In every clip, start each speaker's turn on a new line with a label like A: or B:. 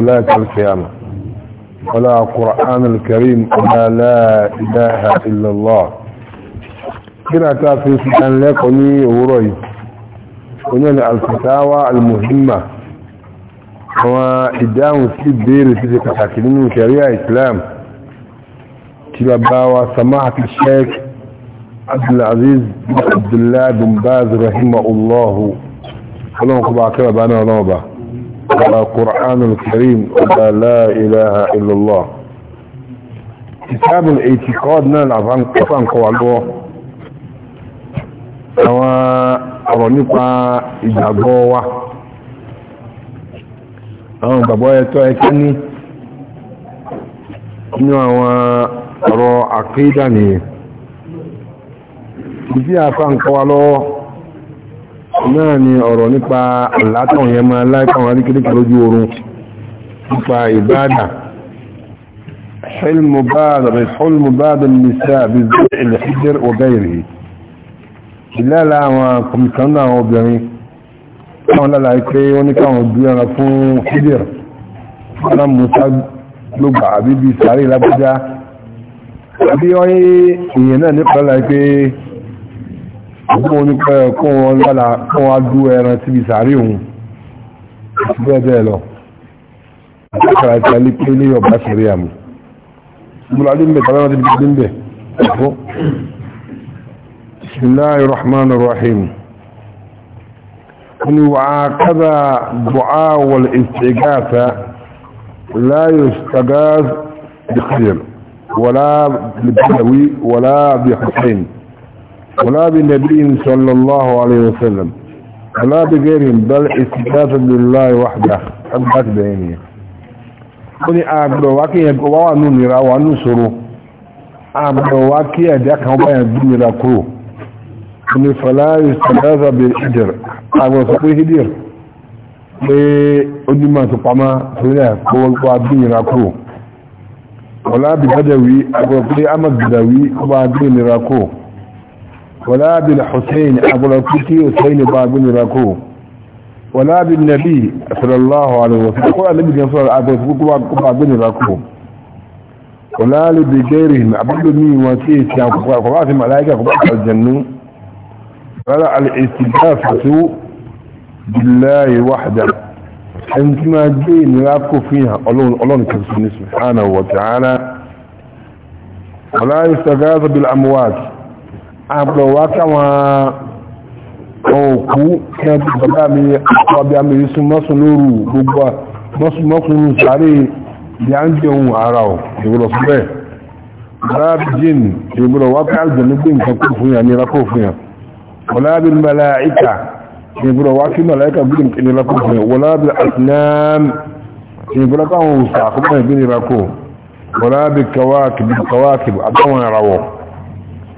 A: ذلك القيامة ولا قرآن الكريم ولا لا إله إلا الله كنا تافي سبحان لكني وروي ونال الفتاوى المهمة وإدام سيد دير سيد كتاكلين من شريعة إسلام تلباوى سماحة الشيخ عبد العزيز بن عبد الله بن باز رحمه الله اللهم كبعك بانا ونوبه القرآن الكريم لا إله إلا الله كتاب الاعتقاد نلعب عن قطن قوالوه àwọn ọ̀rọ̀ nípa ìgbàgbọ́ wa àwọn ìgbàgbọ́ ẹ̀tọ́ ẹ̀kẹ́ ní inú àwọn ọ̀rọ̀ àkídà nìyẹn ìdí àfáǹkọ́ wa lọ́wọ́ náà ni ọ̀rọ̀ nípa àlátàn yẹn máa láìkàwọn aríkìríkì lójú oorun nípa ìbádà حلم بعض الحلم بعض النساء بالزرع الحجر وغيره إلا لا وكم كان وبيعني كان لا يكري ونكان وبيعنا فون حجر أنا موسى لبع بيبي ساري لبجا أبي وي إينا نقرأ لكي ọgbọ́n oníkọ́ ẹ̀kọ́ wọn lára fún adú ẹran síbi sàárè òun àti bẹ́ẹ̀ bẹ́ẹ̀ lọ àtàkàrà ti alẹ́ pé ilé ọba ṣẹ̀rí àmì múra ní mẹ́ta mẹ́ta ti bí bẹ́ẹ̀ ẹ̀kọ́ bismillahir rahmanir rahim ni wa kada du'a wal istighatha la yustaghath bi khayr wala bi wala bi husayn ولا بنبي صلى الله عليه وسلم ولا بغيرهم بل استغاثة بالله وحده أبعد بيني kuni agbo wa ki yẹn wa wa nu nira wa nu soro agbo wa ki ẹ̀dá kan bá yẹn dún nira kúrò kuni fala istaghaza bil hidir agbo sọ pé hidir pé onímọ̀ tó pamá torí ẹ̀ kó wa dún nira kúrò wọlá bí gadawi agbo pé ama gadawi kó wa dún nira kúrò ولا بالحسين أبو الكتي حسين بابن راكو ولا بالنبي صلى الله عليه وسلم قال النبي صلى الله عليه وسلم بابن ركو ولا لبغيرهم عبد مين وسيس قرات الملائكة قرات الجنة ولا الاستغاثة بالله وحده انت ما جين يابكو فيها قولون قولون سبحانه وتعالى ولا يستغاث بالأموات àgbọ̀ wá káwọn òkú kẹbí bàbá mi ọbí amìrí sún mọ́sùn lóru gbogbo mọ́sùn mọ́sùn ní sàárè ìyá ń jẹ ohun ara ọ̀ ìwòrò síbẹ̀ rábí jìn ìwòrò wá ká àjọ ní gbé nǹkan kó fún yàn ní rákó fún yàn wọlábí màláìkà ìwòrò wá kí màláìkà gbé nǹkan ní rákó fún yàn wọlábí àtìnáàmì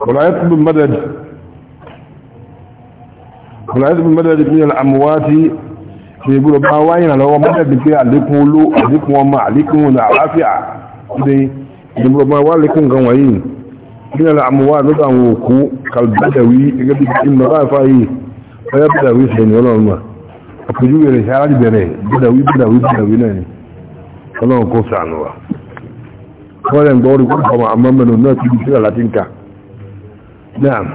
A: ولا يطلب المدد ولا يطلب المدد من الأموات يقولوا ما وين لو مدد في عليكم ولو عليكم وما عليكم العافية يقولوا ما وين غوين من الأموات بدأ وقو كالبدوي يقول المغافة فيبدأ يسعين ولا ما أفجوا إلى شارع بره بدوي بدوي بدوي ناني فلا نقول قال ولن دوري كل فما أمامنا الناس يبسل لاتنكا نعم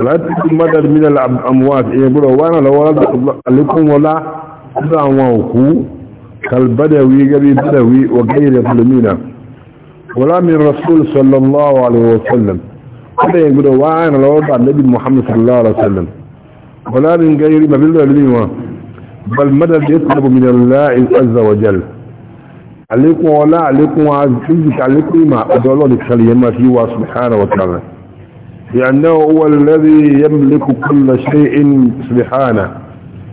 A: ولا تكون مدد من الأموات يقول إيه، وانا لو ولد لكم ولا أموانكو كالبدوي قبل بدوي وغير يظلمين ولا من رسول صلى الله عليه وسلم هذا يقول وانا لو ولد النبي محمد صلى الله عليه وسلم ولا من غير ما بالله بل مدد يطلب من الله عز وجل عليكم ولا عليكم وجل عليكم ما أدعو الله لك سبحانه وتعالى لأنه هو الذي يملك كل شيء سبحانه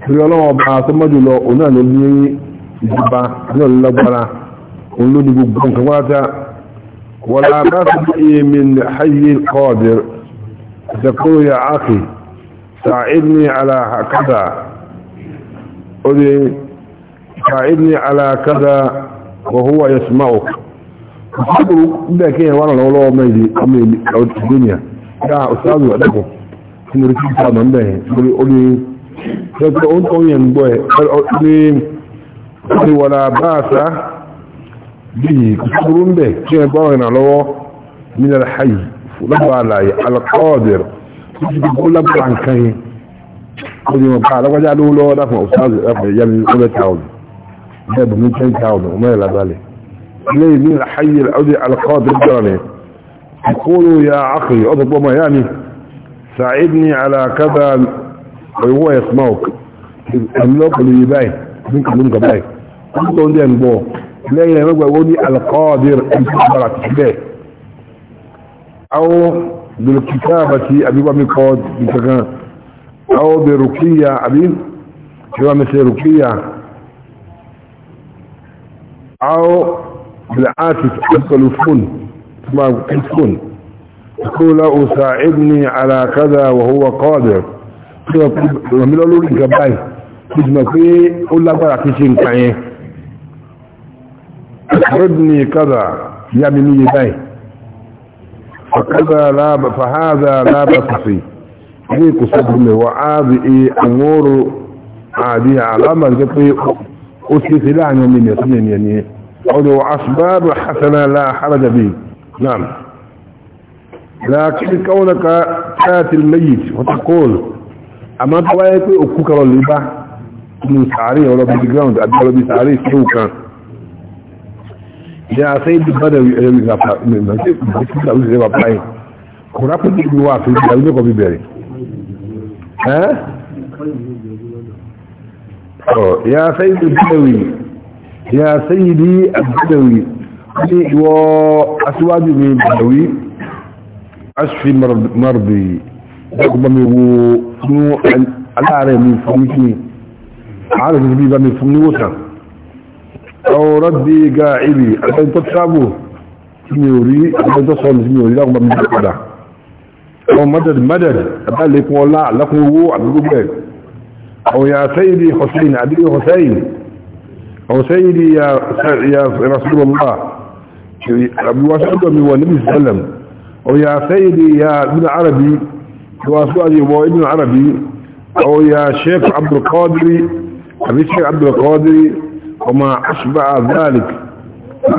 A: الله بعثم جل أنا نبي جبا نلا برا ونلو دي كواتا ولا بس من حي القادر تقول يا أخي ساعدني على كذا قولي ساعدني على كذا وهو يسمعك فقدروا ده كده وانا لو لو الدنيا ya ọ̀sáàlù ọ̀dẹ́kùn tí mo rí kí ìta àmà ń bẹ̀rẹ̀ lórí orí ẹgbẹ́ oúnjẹ oúnjẹ ń gbọ́ ẹ̀ ní oríwọ̀lá báàsá bí kúrú ń bẹ̀ kí ẹ gbọ́ ìrìnà lọ́wọ́ nílẹ̀ hayi lọ́gbà àlàyé alakọ́ọ̀dẹ̀rẹ̀ tó ti gbogbo lágbà nǹkan yẹn ó di wọn bá alágbájá lówó lọ́wọ́ dákùn ọ̀sáàlù ẹ̀fẹ̀ yá mi ọmọ ẹ̀tàwọ̀n bẹ́ẹ̀ bù mí ten يقول يا عقلي أضرب ما يعني ساعدني على كذا وهو يسمعك أملك لي باي منك منك باي أنت عندي أنبو لا يقولني القادر أن تخبر تحبه أو بالكتابة أبي بامي قاد أو برقية أبي بامي رقية أو بالعاكس التلفون ما يكون يقول له ساعدني على كذا وهو قادر ومن له باي تجمع فيه قول لك بقى كيشين كاين إيه؟ اخرجني كذا يا بني باي فكذا لا فهذا لا بأس فيه ní kò sọ́gbìnlẹ̀ wà áàbì àmúrò àdí àlámà jẹ́ pé ó sì sí láàrin ọmọ ènìyàn sí ènìyàn ni ọdọ̀ يعني si أسباب omo لا حرج eniyan نعم لكن كونك تأتي الميت وتقول أما توايك أكوك للبا من سعري ولا بالجراوند أبي ولا بسعري سوكا يا سيد البدوي أيام الغفار من الغفار كرافة الوافي يقول لك ببيري ها يا سيد البدوي يا سيدي البدوي ní ìwọ aṣíwájú mi bàwí aṣífi marbi dákùnbà mi wo fún aláàrẹ mi fún kí ààrẹ mi bá mi fún níwòsàn ọ̀rọ̀ bí ga ìrì àtẹ́ntọ́ travel tí mi ò rí àtẹ́ntọ́ sọ́ọ̀nù tí mi ò rí dákùnbà mi padà àwọn madad madad àbálẹ̀kùn ọlá àlákùn owó àdúgbò ẹ̀ àwọn ya sayidi hussein àdúgbò hussein àwọn sayidi ya rasulullah أبي واسعد من والنبي صلى الله عليه وسلم ويا سيدي يا ابن عربي واسعد ابن عربي أو يا شيخ عبد القادر أبي الشيخ عبد القادر وما أشبع ذلك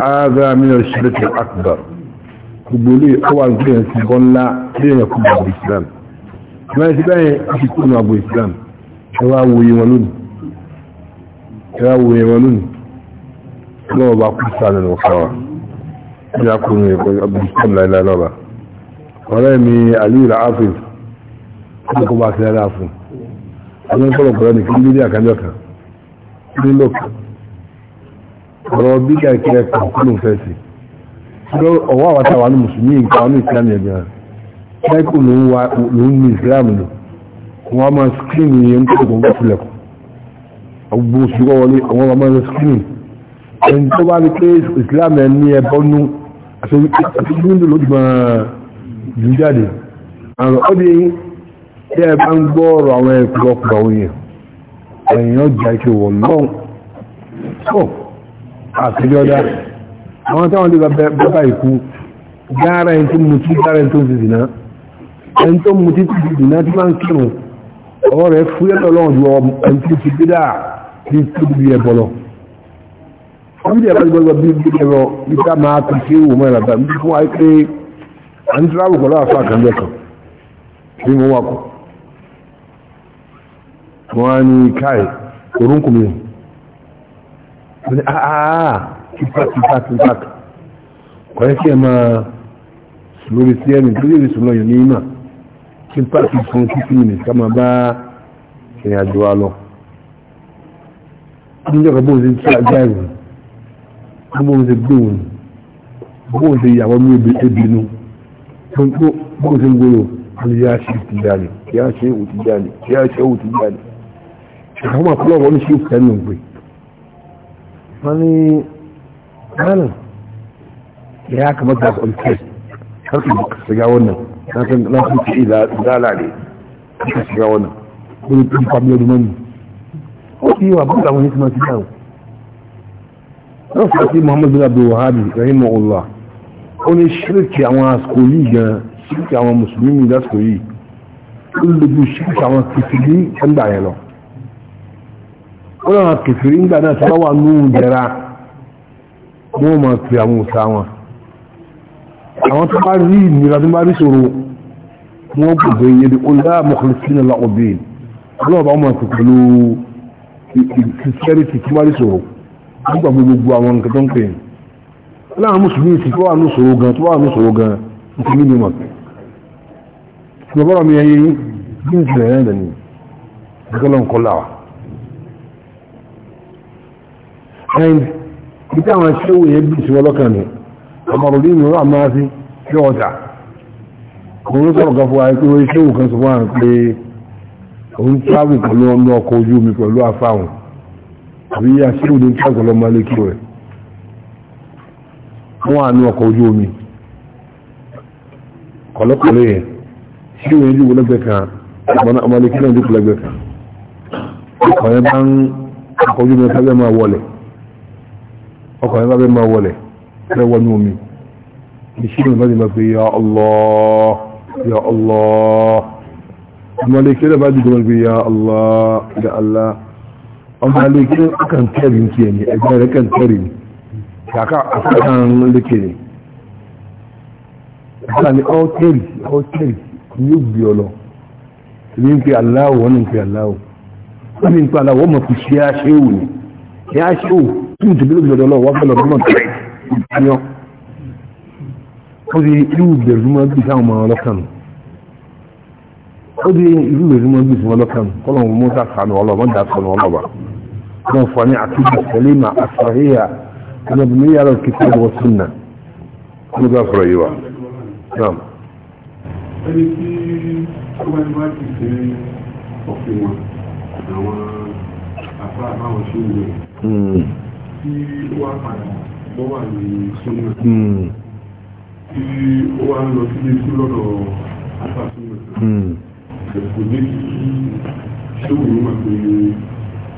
A: هذا من الشرك الأكبر قبولي أول كين سيقول لا كين يكون أبو الإسلام ما يتبعي يكون أبو الإسلام شواهو يمنون شواهو يمنون لا بقى قصة عن الوفاوة ya kunu ya kwaye abdulsalam lailala ba ọ̀rẹ́ mi aliyu da afis kuma kuma a sinada fún ọdún kọlọ̀ kọlọ̀ ní kí bídí àkájọ́ kan ní lọ́kà ọ̀rọ̀ bídí àkíyà kan kúlùn fẹ́sì ọwọ́ àwátà wà ní mùsùlùmí nǹkan ní islam yẹn gan kẹ́kù ló ń wa ló ní islam lò wọ́n máa skrin yẹn ń kọ́ ẹni tó bá rí pé islam ẹ̀ ní ẹbọ́nú àti gbíndò ló gbọ́n jù jáde àwọn ọdí tí ẹ bá ń gbọ́ ọ̀rọ̀ àwọn ẹ̀kọ́kọ̀ àwọn èèyàn èèyàn jà kí wọ́n lọ́n tó àtijọ́dá àwọn táwọn lè bàbá ìkú gáàrà ẹni tó mutí gáàrà ẹni tó ń sìsì náà ẹni tó mutí tó sìsì náà tí máa ń kírun ọ̀rọ̀ rẹ̀ fúyẹ́ lọ́wọ́ ju ẹni tó ti gbé dáa tí tó bí ẹbọ lọ wọ́n yẹ kí gbogbo bíi bíi ẹ̀rọ níta máa tó ṣe wò mọ́ ìrànlọ́ta que fún wa pé faca ń tíráwò pẹ̀lú àfa àkàndẹ́ kan bí wọ́n wà kù. wọ́n á ní káì orúnkún mi wọ́n ní àá ah, ah, tìpa tìpa tìpa kọ́ ẹ́ kí ẹ máa lórí sí ẹni tó lè sùn lọ́yọ̀ ní ìmọ̀ tìpa tìpa tìpa ní ká máa bá ìrìn àjò wa lọ. níjọ́ kan bó ń bóun ṣe gbóhùn bóun ṣe yàwọ́ ní ebínú bóun ṣe ń gbóhùn aliyá ṣe ti jáde kí á ṣe òtí jáde kí á ṣe òtí jáde àwọn àkọlọ́ wọn ṣe fẹ́nu gbé wọ́n ní gánà ya kamata ku alkai har ku shiga wannan na san na ku ci ilala ne ku shiga wannan ku ku kwamiyo da nan ko yi wa lọ́fà sí muhammadu bin abdul wahabi rahimahullah ó ní ṣírìkì àwọn àsìkò yìí gan ṣírìkì àwọn mùsùlùmí lásìkò yìí ó lójú ṣírìkì àwọn kìfìrí ẹgbà yẹn lọ ó lọ́wọ́ kìfìrí ńgbà náà tí wọ́n wà nù jẹra wọ́n máa fi àwọn òsà wọn àwọn tó bá rí ìnira tó bá rí ṣòro wọ́n gbogbo iye bí ó lá mọ̀kànlẹ́sí náà lọ́kọ̀ọ́bẹ̀ẹ́ ọlọ́ọ̀bá wọn máa pẹ̀lú sincerity tó bá rí ṣòro nígbà gbogbo àwọn nǹkan tó ń pè láàrín mùsùlùmí sí tó wà ní ṣòro gan tó wà ní ṣòro gan nǹkan nínú mọ̀ ṣùgbọ́n mi ẹyẹ bí n sílẹ̀ ẹ̀rẹ́ ni gẹ́gẹ́lọ́ ń kọ́lá wa and bí tí àwọn ṣẹ́wò yẹn bí sí ọlọ́kàn ni ọmọrùdí ni wọ́n máa sí sí ọjà òun ló sọ̀rọ̀ kan fún wa pé ó ṣẹ́wò kan sọ fún ọmọ ọkọ̀ ojú omi àbí aṣíwò ní káàkiri ọmọ alékí rẹ̀ wọ́n àánú ọkọ̀ ojú omi kọ̀lọ́kọ̀lọ́ yẹn ṣíwò ní ìlú lẹ́gbẹ̀ẹ́ kan ọmọ alékí náà dúkù lẹ́gbẹ̀ẹ́ kan ọkọ̀ yẹn bá ń ọkọ̀ ojú omi kábẹ́ máa wọlé ọkọ̀ yẹn kábẹ́ máa wọlé kábẹ́ wọnú omi ìṣíwò náà ti máa pe ọmọ aleke akan kẹrì nkẹ ni ẹgbẹ́ rẹ̀ kan kẹrì ni kàkà akan leke ni ẹgbẹ́ ni ọ kẹrì ọ kẹrì ni yóò gbé ọ lọ ebi nkẹ aláwọ wọn nkẹ aláwọ wọn nkẹ aláwọ wọn mọ kò ṣe aṣẹwò ni ṣe aṣẹwò tí n tẹbi lóbi lọ́dọ̀ wọn fẹlẹ ọdún náà tẹ ìpanyọ ó di irú bẹ̀rù máa gbé sáwọn ọmọ ọlọ́kàn nù ó di irú bẹ̀rù máa gbé sáwọn ọlọ́kàn nù kọ́lọ̀ mọ́ta كون فاني عقيدة سليمة الصحيحة المبنية على الكتاب والسنة كل ذا فريوة نعم Tí ó wá ń lọ sílé sí lọ́dọ̀ àpá súnmọ̀. Kò ní kí ṣé òun máa pè é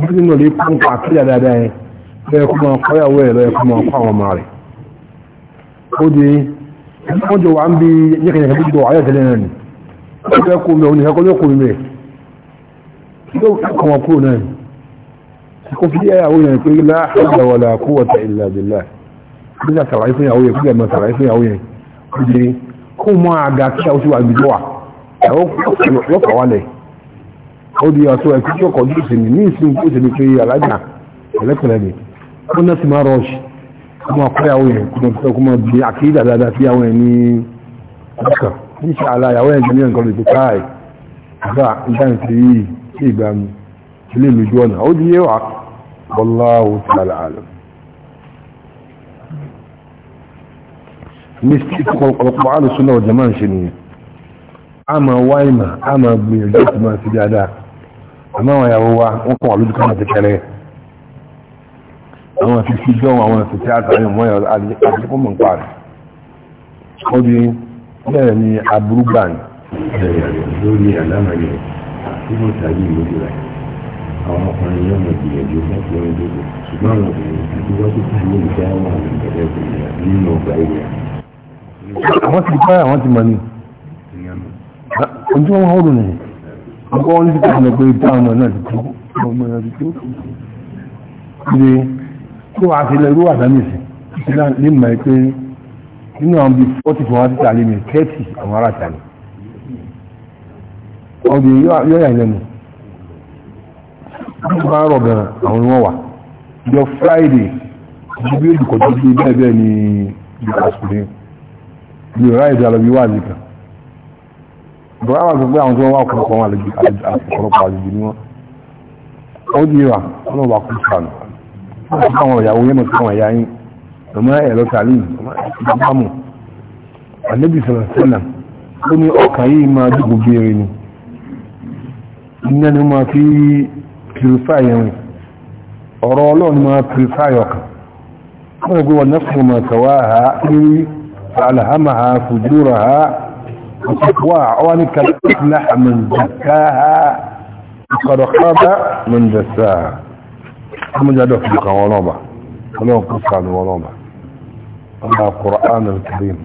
A: wọ́n ti nọ̀lẹ́ pọ́ǹpọ̀ àkíyà dáadáa yẹn lọ́yẹ̀ kó ẹ̀ lọ́yẹ̀ kó àwọn ọmọ rẹ̀ ó di wọ́n wà ń bí jọ ó di aṣọ ẹ̀kú tí ó kọjú ìsinmi ní ìsinmi tó ṣe ní pé alájà ẹlẹ́kùnrin ni ó náà ti máa rọ́ọ̀ṣì kó máa kọ́ ìyàwó yẹn kó máa fi ọkọ́ máa di àkíyèdà dáadáa sí ìyàwó yẹn ní ọkàn ní ṣe àlà ìyàwó yẹn jẹ́mí nǹkan lè fi káàì nígbà nígbà tí yìí wáìmà a gbìyànjú àti máa dáadáa àmọ́ àwọn ìyàwó wa wọ́n kún àlójú kan àti kẹrẹ àwọn àti fi jọ́ àwọn àti tí àtàrí mọ́ àdíkọ́ mọ̀ ń parí ó di bẹ́ẹ̀ ni aburú gbà ní. lórí alámàyẹ tí wọ́n tàbí ìlójú rẹ̀ àwọn ọkùnrin yóò mọ̀ ìgbìyànjú láti orin dòdò ṣùgbọ́n àwọn obìnrin àti wọ́n tó tà ní ìfẹ́ àwọn àgbẹ̀rẹ̀ obìnrin nínú ọgbà ilẹ̀. àwọn ti kọ́ àwọn ti mọ̀ ni. ojú wọn wọ́n rò nìyẹn àbọ̀ wọn ti tẹ̀lé pé táwọn ọmọ náà ti kú ọmọ náà ti kú ilé tó wàá sí ilẹ̀ irú àdámẹ́sì ìṣẹ́lá lè mọ̀ pé nínú àwọn bíi fọ́tì fún wọn ti tàlé mi kẹ́ẹ̀tì àwọn ará tàlé ọdún yọ́yà ìlẹ́nu wọ́n bá rọ̀ gan àwọn wọn wà jọ Friday bí olùkọ́jú bí bẹ́ẹ̀ bẹ́ẹ̀ ni ìdíkàsùn ní ìlú ráìdì alọ́bí wà nìkan bọ̀rọ̀ àwọn àgbẹ̀gbẹ̀ àwọn tí wọ́n wá ọ̀pọ̀lọpọ̀ àwọn àlejòpọ̀lọpọ̀ àlejò ni wọ́n ó di wa ọlọ́wà kú sànù àwọn ìyàwó yẹn mọ̀tí àwọn ìyá yín ọmọ ẹ̀rọ tàlín ìgbàmù sọ̀rọ̀ ó ní yìí máa dùgbò ni iná máa fi purify ẹ̀rìn ọ̀rọ̀ ọlọ́run máa purify náà fún ọmọ ha وتقوى عوانك أفلح من زكاها وقد خاب من دساها هم جادوا في القوانوبة كلهم قصة عن القوانوبة على القرآن الكريم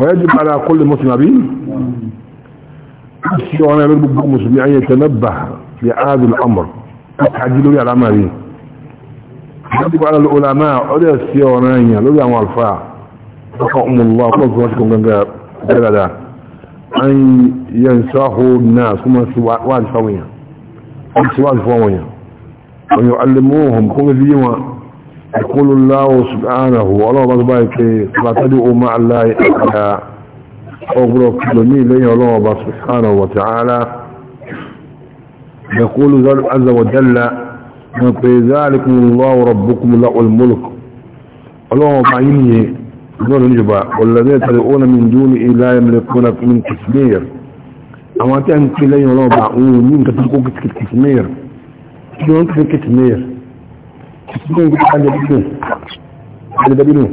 A: ويجب على كل مسلم أبين الشيوان يربك مسلم أن يتنبه لعاد الأمر اتحجلوا لي على عمالي يجب على العلماء أولي الشيوانين أولي أمالفاء رحمه الله وقال الله كم كان قال أن ينساه الناس kuma su wa'azi fawonya su wa'azi ويعلموهم wani yu'allimuhum kuma يقول الله سبحانه والله بارك لا تدعوا مع الله أحدا أغرق لني لي الله سبحانه وتعالى يقول ذلك عز وجل يقول ذلك الله ربكم له الملك الله معيني دون نجبا والذين تدعون من دونه لا يملكون من تسمير أما تأنت لي ولو بعون من تتلقوا كتسمير كيون تتلقوا كتسمير كتسمير كتسمير كتسمير كتسمير كتسمير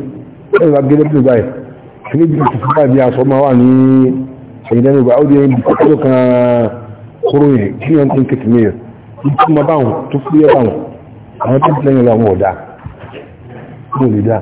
A: ẹ̀rọ agẹ́gẹ́bí báyìí ṣílẹ̀ bí i fún àbí aṣọ máa wà ní ṣẹ̀yìnlẹ́nu ìgbà ó dé ibi tó kan kúrò yẹn kí wọ́n tún kìtì mẹ́yẹ̀ tó máa báwọn tó fúyẹ́ báwọn àwọn tó tẹ́yìn lọ àwọn ọ̀dà mú lè dáa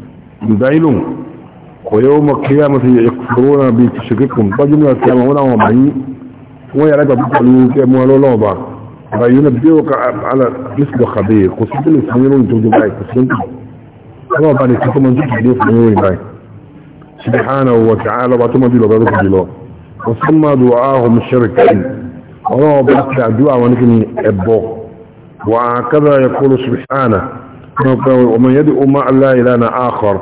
A: دايلون ويوم القيامة يكفرون بتشرككم طجمنا السلام هنا ومعي ويرجع بطلوك أموال الله بعض فينبئك على جسد خبير قصد الإسلاميون توجب عليك قصد الله بعد كتما جبت حديث منوري معي سبحانه وتعالى بعتما دي لبارك الله وصمى دعاهم الشركين الله بعتع دعا ونكني أبوه وعكذا يقول سبحانه ومن يدعو ما لا إلانا آخر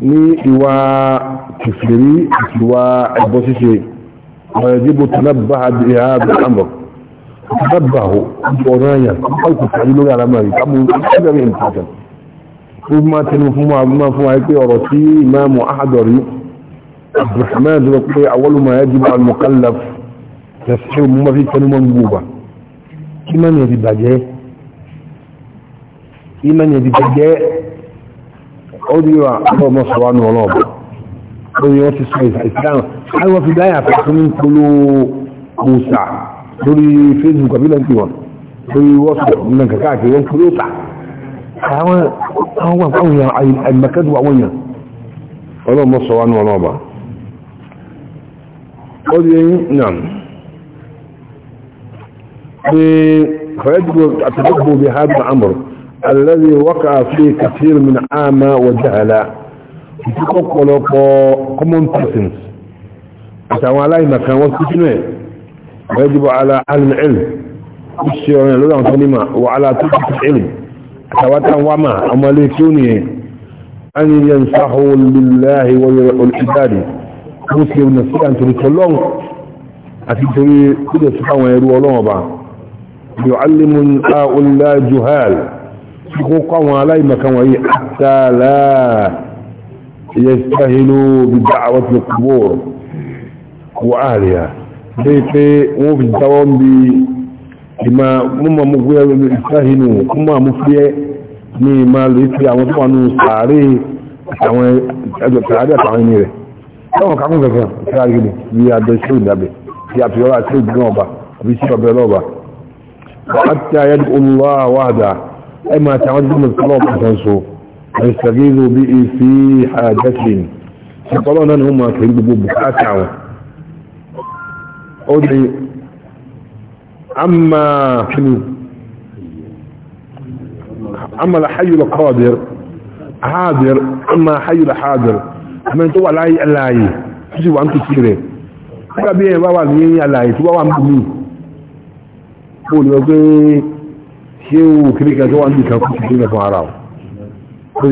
A: ní ìwà kìfìrí ìwà ẹ̀bọ́ ṣíṣe ọ̀rẹ́dìbò tàbí àbí àmọ̀ tàbíhù ọ̀rọ̀ ẹ̀yà kọ́kọ́ tàbí lórí alamari tàbí ẹgbẹ̀rẹ̀ ìpàdà fún máa tẹnu fún máa fún àìpé ọ̀rọ̀ tí imáàmù ahadọ̀rí abdulhamid rọ pé awọ́lùmọ̀ yajibu al-mukallaf tẹ̀sí mú ma fi tẹnu mọ́ gbogbo kí mẹ́ni ẹ̀dì bàjẹ́ أوديوا أبو مصران وعنه ولوب أوديوا تسعيد إسلام حلوة في داية فأخمين كلوا موسى دوري فيسبوك أبيلا انتوان دوري وصل منك كاكي وان كلوا هو هو قوي المكاد وعوية ولو مصر وعنه ولوب نعم فيجب التدبر بهذا الأمر الذي وقع فيه كثير من عامة وجهلاء تقلق ويجب على علم علم وعلى تلك العلم حتى وما أماليكوني أن ينصحوا لله والعباد مسلم نفسي أن تلتلون أتلتلي كده سبحانه ويروه لهم يعلم هؤلاء جهال حقوق ولا مكان وهي حتى لا يستهلوا بدعوة القبور وأهلها بيتي وفي الدوام بي لما مما مغوية يستهلوا مما مفية ni ma lè fi àwọn tó wà ní sàárè àwọn ẹjọ́ sàárè àtàwọn ẹni rẹ̀ ẹwọ̀n kakún fẹ́fẹ́ sàárè gidi ní abẹ́ sí ìdábẹ̀ tí a fi ọlá sí ìdúnà ọba àbí sí ọbẹ̀ lọ́ọ̀bà wọ́n á ti ayẹ́ اما تعدهم القلوب تنسوا ويستغيثوا به في حاجتهم فقالوا ان هم كذبوا بكاتعوا ادعي اما حلو اما الحي القادر حاضر أما حي الحاضر اما انتوا ولا اي الاي تجوا انتوا كثيره بقى بيه بقى ولا اي الاي تبقى عم بيه قولوا ṣé o kiri kan tó wà ní ìkan kúkú sílẹ̀ fún ara o pé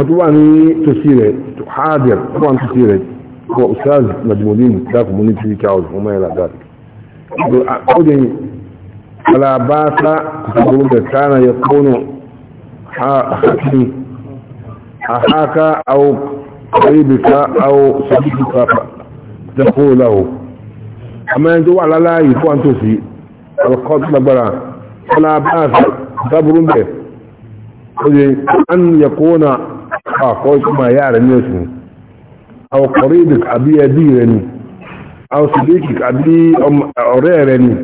A: ọdún wà ní tòsí rẹ̀ hadir tó wà ní tòsí rẹ̀ kọ ustaz najmudin dákùnmú ní three thousand ọmọ ẹ̀rọ àdáàdì ó dẹ̀ alabasa kùsùgbọ́n bẹ̀ kánà yẹ kónú àháká àwọ kọ̀rẹ́bìká àwọ sọ́dúkú pápá tẹ́kọ́ láwọ àmọ́ ẹni tó فلا باس صبر به أن يكون أخوك ما يعلم يسمه أو قريبك أبي أديرني أو صديقك أبي أريرني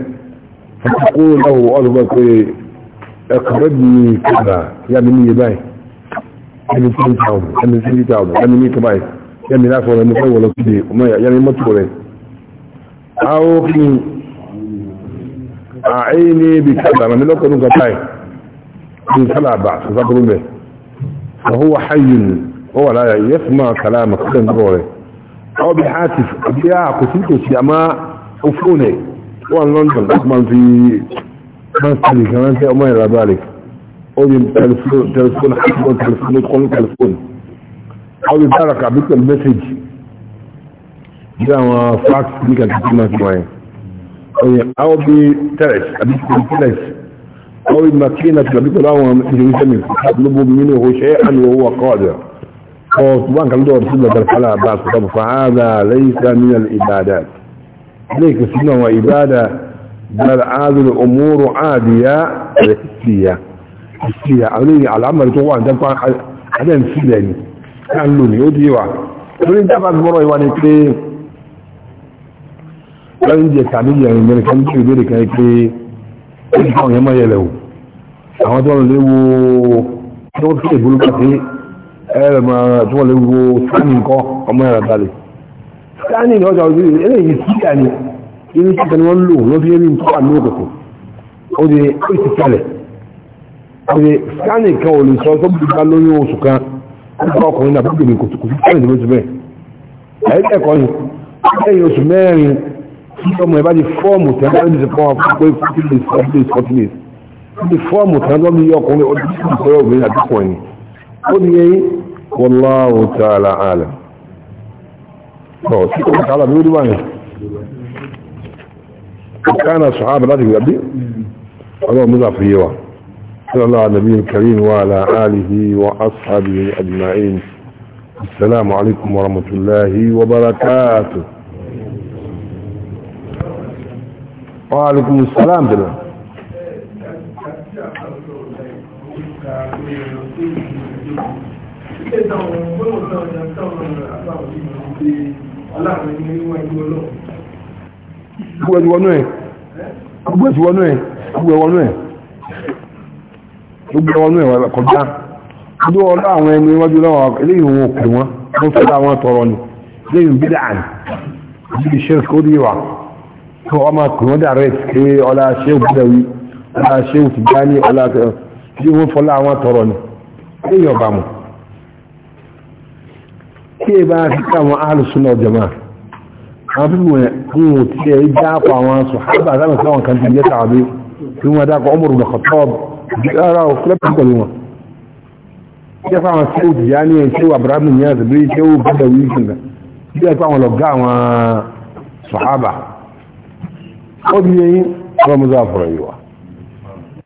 A: فتقول له أربك اقربني كذا يا مني باي يا من سيدي تعب يا من سيدي تعب يا من ميك باي يا من أفضل المفول وما يا من مطول أو كني أعيني بكذا من لو كنت قطعي بكلا بعث تقول به وهو حي هو لا يسمع كلامك كذا نقوله أو بالحاتف أبيع كسيتو سيما أفوني هو لندن أكمل في مانستري كمان في أمين ذلك أو تلفون تلفون حسن تلفون يدخل تلفون أو يبارك عبيك المسج جاء فاكس بيك الحكومة في معين أو بترس أبيكم ترس أو الماكينة أبيكم لهم يسمي يطلبوا منه شيئا وهو قادر فطبعا كان دور سنة الحلاء بعض طب فهذا ليس من الإبادات ليك سنة وإبادة بل هذه الأمور عادية حسية حسية عليه على العمل طبعا ده كان عدم سيداني يعني. كان لوني ودي واحد تقول انت بعد مرة يواني كليه láti jẹ tàbí ìyàrin mẹ́rin kan tí ìbéèrè kan pé ó ti káwọn yẹn mọ́ yẹlẹ̀ o àwọn tó lè wo tí wọ́n fi ìbúrú kàtí ẹ̀rọ máa tí wọ́n lè wo sani nǹkan ọmọ ẹ̀rọ balẹ̀ sani ní ọjà òjò eléyìí sí àní irú tí kan wọ́n lò ló fi rí nǹkan àmì òkòkò ó di ó ti kalẹ̀ ó di sani kan ò lè sọ tó bí bá lóyún oṣù kan ó bá ọkùnrin náà bó gbèrè kò sí sani tó bẹ́ẹ̀ ẹ̀ẹ́dẹ́kọ̀ọ́ yìí lẹ́yìn oṣù mẹ́rin tí ọmọ ẹ bá di fọ́ọ̀mù tẹ́ bá di fọ́ọ̀mù pé forty days forty days forty days di fọ́ọ̀mù tẹ́ bá mi yọ ọkùnrin ó di ìfẹ́ obìnrin àti ọkùnrin ó di yẹn wallahu ta'ala alam ọ̀ tí ọmọ tààlà mi ó di wà ní kánà sọ̀hábà láti gbàgbé ọlọ́run mú láfi yé wa صلى الله على النبي الكريم وعلى آله وأصحابه أجمعين السلام عليكم ورحمة الله وبركاته وعليكم السلام دلوقتي gbogbo ẹ̀wọ̀nú ẹ̀ gbogbo ẹ̀wọ̀nú ẹ̀ gbogbo ẹ̀wọ̀nú ẹ̀ gbogbo ẹ̀wọ̀nú ẹ̀ kọjá ọdún ọlá àwọn ẹni wájú lọ́wọ́ eléyìn wọn òkè wọn wọ́n fẹ́ láwọn tọrọ ni lẹ́yìn bídà àní àti ìṣẹ́ ìṣẹ́ ìṣẹ́ tó ọmọ kùnrin direct pé ọlá ṣe òbúdẹ̀wí ọlá ṣe òtìjáni ọlá tí wọ́n fọ́lá àwọn tọrọ ni èyàn bá mọ̀ kí ẹ bá fi káwọn alùsùn náà jẹma àwọn pípọ̀ yẹn wọ́n ti ẹ̀ dápọ̀ àwọn sọ̀hábà láwọn sáwọn kan ti jẹ́ tàbí tí wọ́n dápọ̀ ọmọ rùgbà kọ̀tọ́ọ̀bù ara ò fẹ́ pípọ̀ ni wọn jẹ́ fáwọn ó di yẹn yín ọlọ́mọdé àfọ̀rọ̀